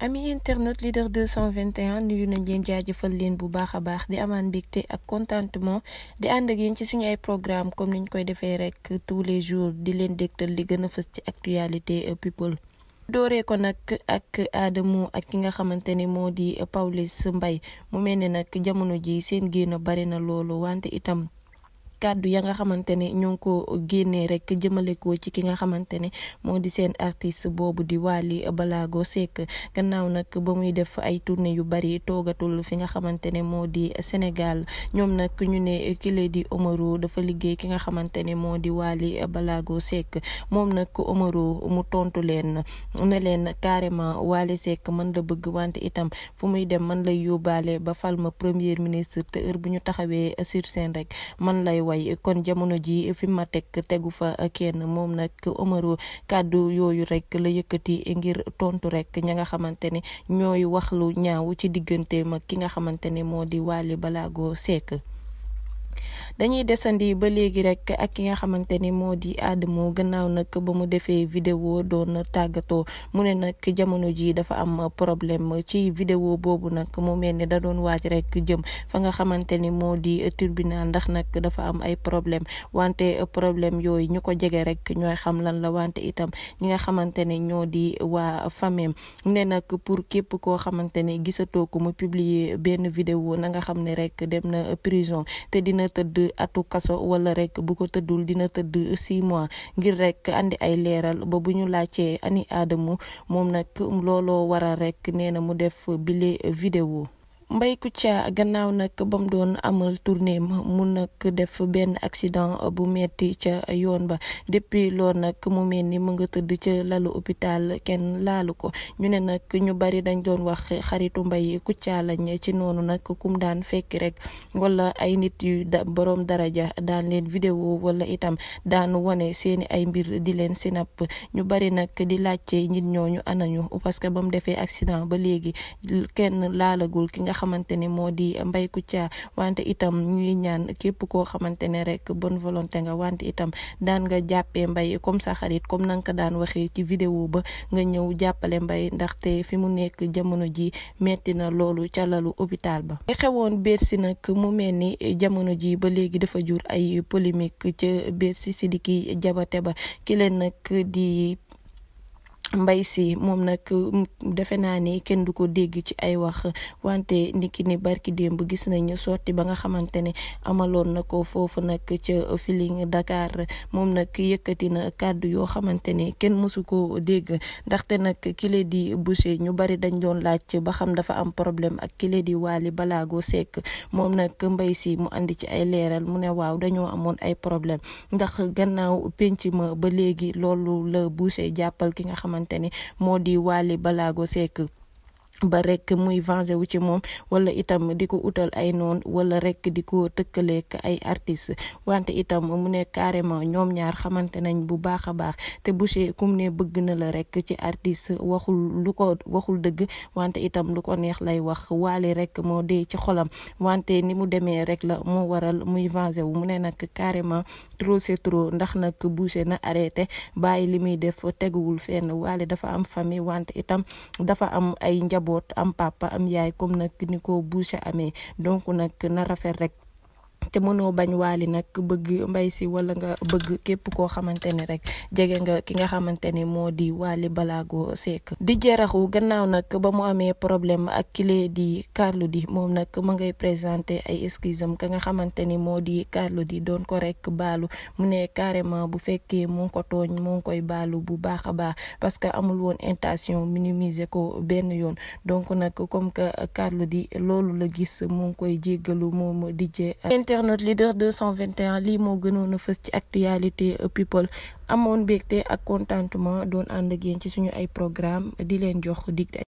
ami internet leader 221 yu nañ leen jaajëfal leen bu baax a baax di amaan mbégte ak contentement di ànd ak yéen ci suñu ay programme comme niñ koy defee rek tous les jours di leen dégtal di gën a fës ci actualité euh, people dooree ko nag ak Adamo ak ki nga xamante ne moo di Pawlish mbay mu mel ne nag jamono ji seen génn bari na loolu wante itam kàddu ya nga xamante ne ñoo ngi ko génnee rek jëmale koo ci ki nga xamante ne moo di seen artist boobu di waali Ballago Seck gannaaw nag ba muy def ay tournée yu bari toogatul fi nga xamante ne moo di Sénégal ñoom nag ñu ne kile di Omaro dafa liggéey ki nga xamante ne moo di Wally Ballago Seck moom nag Omaro mu tontu leen ne leen carrément Wally Seck mën la bëgg wante itam fu muy dem man lay yóbbaale ba fal ma premier ministre te heure bu ñu taxawee sur scène rek way kon jamono ji fi ma teg tegu fa kenn moom nag Omaro kàddu yooyu rek la yëkkati ngir tontu rek ña nga xamante ne ñooy wax lu ñaaw ci diggante mag ki nga xamante ni moo di Wally Ballago Seck dañuy desandi ba léegi rek ak ki nga xamante ni moo di Adamo gannaaw nag ba mu defee vidéo doon tàggatoo mu ne nag jamono ji dafa am problème ci vidéo boobu nag mu mel ni da doon waaj rek jëm fa nga xamante ni moo di tribunal ndax nag dafa am ay problème wante problème yooyu ñu ko jege rek ñooy xam lan la wante itam ñi nga xamante ne ñoo di waa famille mu ne nag pour képp koo xamante ni gisatoo ko mu publier benn vidéo na nga xam ne rek dem na prison te dina tëdd atu kaso wala rek bu ko tëddul dina tëdd six mois ngir rek andi ay leeral ba bu ñu laajtee ani aadamu moom nag looloo waral rek nee na mu def bile vidéo Mbaye Kouthia gannaaw nag ba mu doon amal tournée mu nag def benn accident bu metti ca yoon ba depuis loolu nag mu mel ni mu nga tëdd ca lalu hôpital kenn laalu ko ñu ne nag ñu bari dañ doon wax xaritu mbay Kouthia lañ ci noonu nag kum daan fekk rek wala ay nit yu da borom daraja daan leen vidéo wala itam daan wane seeni ay mbir di leen sinap ñu bari nag di laajte nit ñooñu anañu parce que ba mu defee accident ba léegi kenn laalagul ki nga. xamante ni moo di Mbaye ca wante itam ñuy ñaan képp koo xamante ne rek bonne volonté nga wante itam daan nga jàppee mbay comme sa xarit comme na nga ko daan waxee ci vidéo ba nga ñëw jàppale mbay ndaxte fi mu nekk jamono ji metti na loolu ca lalu hôpital ba. xewoon Bercy nag mu mel ni jamono ji ba léegi dafa jur ay polémique ca Bercy Sidiki Diabaté ba ki leen nag di. mbay Sy moom nag defe naa ni kenn du ko dégg ci ay wax wante niki ni barki démb gis nañ sotti ba nga xamante ne amaloon na ko foofu nag ca Feeling dakaar moom nag yëkkati na kàddu yoo xamante ne kenn mësu ko dégg ndaxte nag kile di Boucher ñu bari dañ doon laaj ba xam dafa am problème ak kile di waali Balago Seck moom nag mbay si mu indi ci ay leeral mu ne waaw dañoo amoon ay problème ndax gannaaw penc ma ba léegi loolu la Boucher jàppal ki nga xamante xamante ni moo di Wally Ballago Seck ba rek muy venger wu ci moom wala itam di ko utal ay noon wala rekk di ko tëkkaleek ay artistes wante itam mu ne carrément ñoom ñaar xamante nañ bu baax a baax te Boucher kum ne bëgg na la rek ci artiste waxul lu ko waxul dëgg wante itam lu ko neex lay wax waali rek moo dee ci xolam wante ni mu demee rek la moo waral muy venger wu mu ne nag carrément trop c'est trop ndax nag Boucher na arrêté bàyyi li muy def teguwul fenn waali dafa am famille wante itam dafa am ay njaboot njaboot am papa am yaay comme nag ni ko Boucher amee donc nag na rafet rek te mënoo bañ waali nag bëgg mbay si wala nga bëgg képp koo xamante ni rek jege nga ki nga xamante ni moo di waali balaago seek di jaraxu gannaaw nag ba mu amee problème ak kile di Carlou D moom nag mu ngay présenté ay excuse am ka nga xamante ni moo di Carlou di doon ko rek baalu mu ne carrément bu fekkee mu ngi ko tooñ mu ngi koy baalu bu baax a baax parce que amul woon intention minimiser ko benn yoon donc nag comme que Carlou di loolu la gis mu ngi koy jéggalu moom DJ internaute leader 221 lii moo gënoon a fës ci actualité euh, people amoon mbégte ak contentement doon ànd ak yéen ci suñu ay programmes di leen jox dig